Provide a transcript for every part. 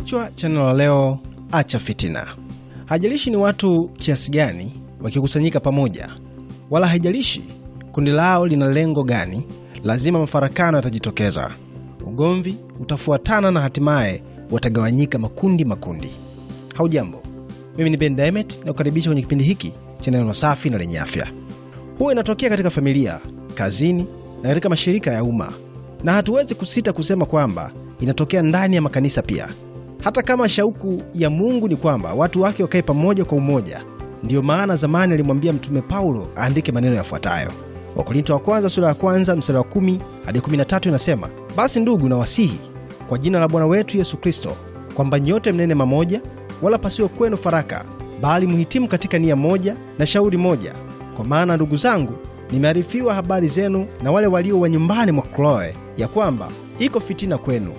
Kichwa cha neno la leo, acha fitina. Haijalishi ni watu kiasi gani wakikusanyika pamoja, wala haijalishi kundi lao lina lengo gani, lazima mafarakano yatajitokeza. Ugomvi utafuatana na hatimaye watagawanyika makundi makundi. Haujambo, mimi ni Ben Dimet na kukaribisha kwenye kipindi hiki cha neno safi na lenye afya. Huwa inatokea katika familia, kazini na katika mashirika ya umma, na hatuwezi kusita kusema kwamba inatokea ndani ya makanisa pia hata kama shauku ya Mungu ni kwamba watu wake wakae pamoja kwa umoja. Ndiyo maana zamani alimwambia Mtume Paulo aandike maneno yafuatayo. Wakorinto wa kwanza sura ya kwanza mstari wa kumi hadi tatu inasema, basi ndugu, na wasihi kwa jina la Bwana wetu Yesu Kristo kwamba nyote mnene mamoja, wala pasiwe kwenu faraka, bali mhitimu katika nia moja na shauri moja. Kwa maana ndugu zangu, nimearifiwa habari zenu na wale walio wa nyumbani mwa Kloe, ya kwamba iko fitina kwenu.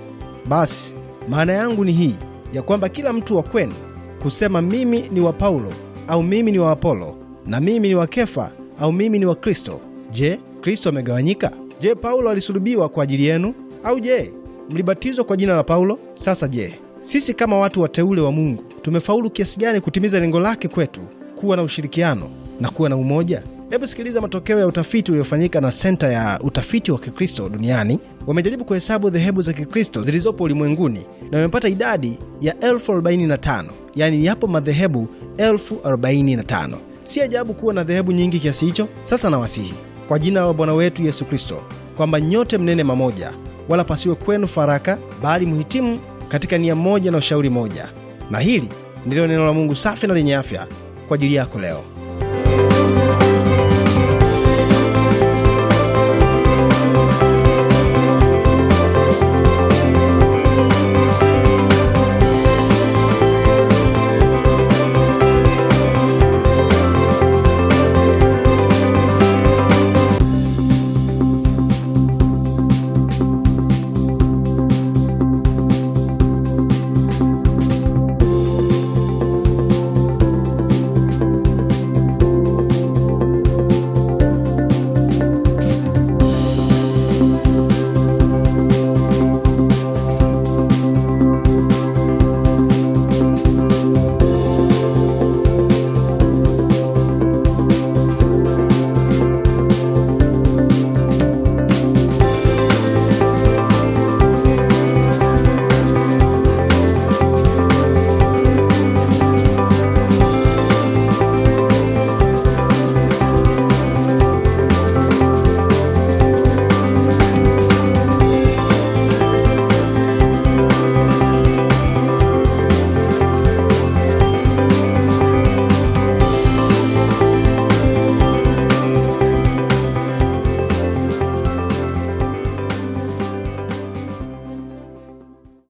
Basi maana yangu ni hii ya kwamba kila mtu wa kwenu kusema mimi ni wa Paulo au mimi ni wa Apolo na mimi ni wa Kefa au mimi ni wa Kristo. Je, Kristo amegawanyika? Je, Paulo alisulubiwa kwa ajili yenu? Au je, mlibatizwa kwa jina la Paulo? Sasa je, sisi kama watu wateule wa Mungu tumefaulu kiasi gani kutimiza lengo lake kwetu, kuwa na ushirikiano na kuwa na umoja? Hebu sikiliza matokeo ya utafiti uliofanyika na senta ya utafiti wa Kikristo duniani. Wamejaribu kuhesabu dhehebu za Kikristo zilizopo ulimwenguni na wamepata idadi ya 45 yani yaani yapo madhehebu 45 Si ajabu kuwa na dhehebu nyingi kiasi hicho. Sasa nawasihi kwa jina la Bwana wetu Yesu Kristo kwamba nyote mnene mamoja, wala pasiwe kwenu faraka, bali mhitimu katika nia moja na ushauri moja. Na hili ndilo neno la Mungu safi na lenye afya kwa ajili yako leo.